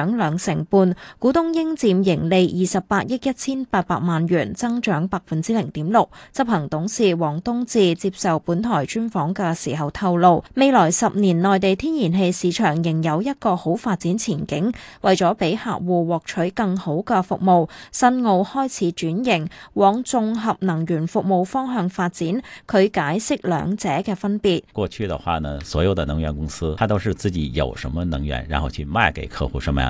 漲兩成半，股東應佔盈利二十八億一千八百萬元，增長百分之零點六。執行董事王冬至接受本台專訪嘅時候透露，未來十年內地天然氣市場仍有一個好發展前景。為咗俾客戶獲取更好嘅服務，新奧開始轉型往綜合能源服務方向發展。佢解釋兩者嘅分別：過去的話呢，所有的能源公司，佢都是自己有什麼能源，然後去賣給客戶什麼樣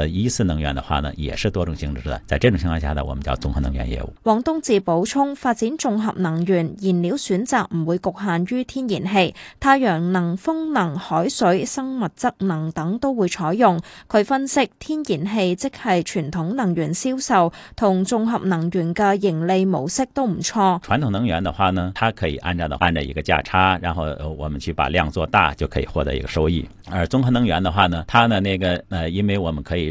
呃，一次能源的話呢，也是多種性質的。在這種情況下呢，我們叫綜合能源業務。王冬至補充：發展綜合能源，燃料選擇唔會局限於天然氣，太陽能、風能、海水、生物質能等都會採用。佢分析，天然氣即係傳統能源銷售同綜合能源嘅盈利模式都唔錯。傳統能源的話呢，它可以按照按照一個價差，然後我們去把量做大，就可以獲得一個收益。而綜合能源的話呢，它呢那個呃，因為我們可以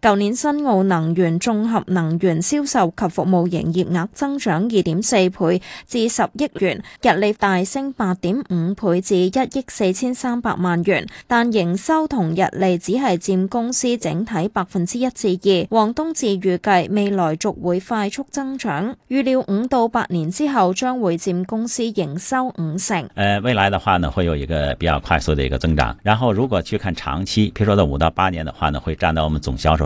舊年新奧能源綜合能源銷售及服務營業額增長二點四倍至十億元，日利大升八點五倍至一億四千三百萬元，但營收同日利只係佔公司整體百分之一至二。王冬至預計未來續會快速增長，預料五到八年之後將會佔公司營收五成。未來的話呢，會有一個比較快速的一個增長。然後如果去看長期，譬如說到五到八年的話呢，會佔到我們總銷售。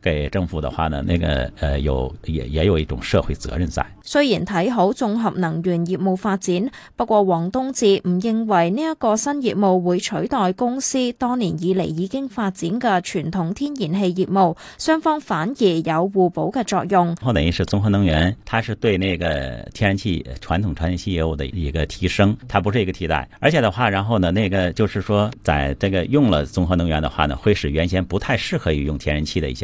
給政府的話呢，那個呃有也也有一種社會責任在。雖然睇好綜合能源業務發展，不過王冬至唔認為呢一個新業務會取代公司多年以嚟已經發展嘅傳統天然氣業務，雙方反而有互補嘅作用。然後等於是綜合能源，它是對那個天然氣傳統天然氣業務的一個提升，它不是一個替代。而且的話，然後呢，那個就是說，在這個用了綜合能源的話呢，會使原先不太適合於用天然氣的一些。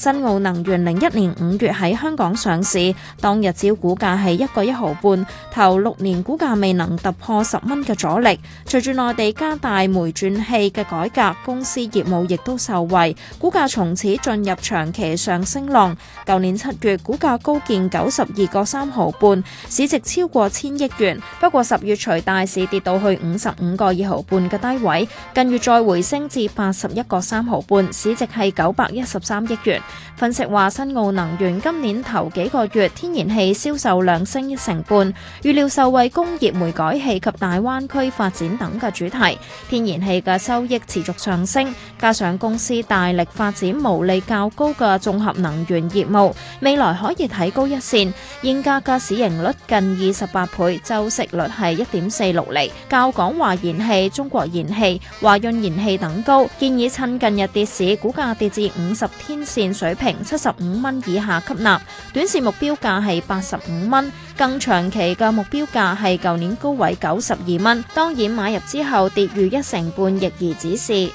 新奧能源零一年五月喺香港上市，當日招股價係一個一毫半，頭六年股價未能突破十蚊嘅阻力。隨住內地加大煤轉氣嘅改革，公司業務亦都受惠，股價從此進入長期上升浪。舊年七月股價高見九十二個三毫半，市值超過千億元。不過十月隨大市跌到去五十五個二毫半嘅低位，近月再回升至八十一個三毫半，市值係九百一十三億元。分析話，新奧能源今年頭幾個月天然氣銷售量升一成半，預料受惠工業煤改氣及大灣區發展等嘅主題，天然氣嘅收益持續上升，加上公司大力發展毛利較高嘅綜合能源業務，未來可以睇高一線。現價嘅市盈率近二十八倍，周息率係一點四六厘，較港華燃氣、中國燃氣、華潤燃氣等高。建議趁近日跌市，股價跌至五十天線，水平七十五蚊以下吸納，短線目標價係八十五蚊，更長期嘅目標價係舊年高位九十二蚊。當然買入之後跌逾一成半，亦而止蝕。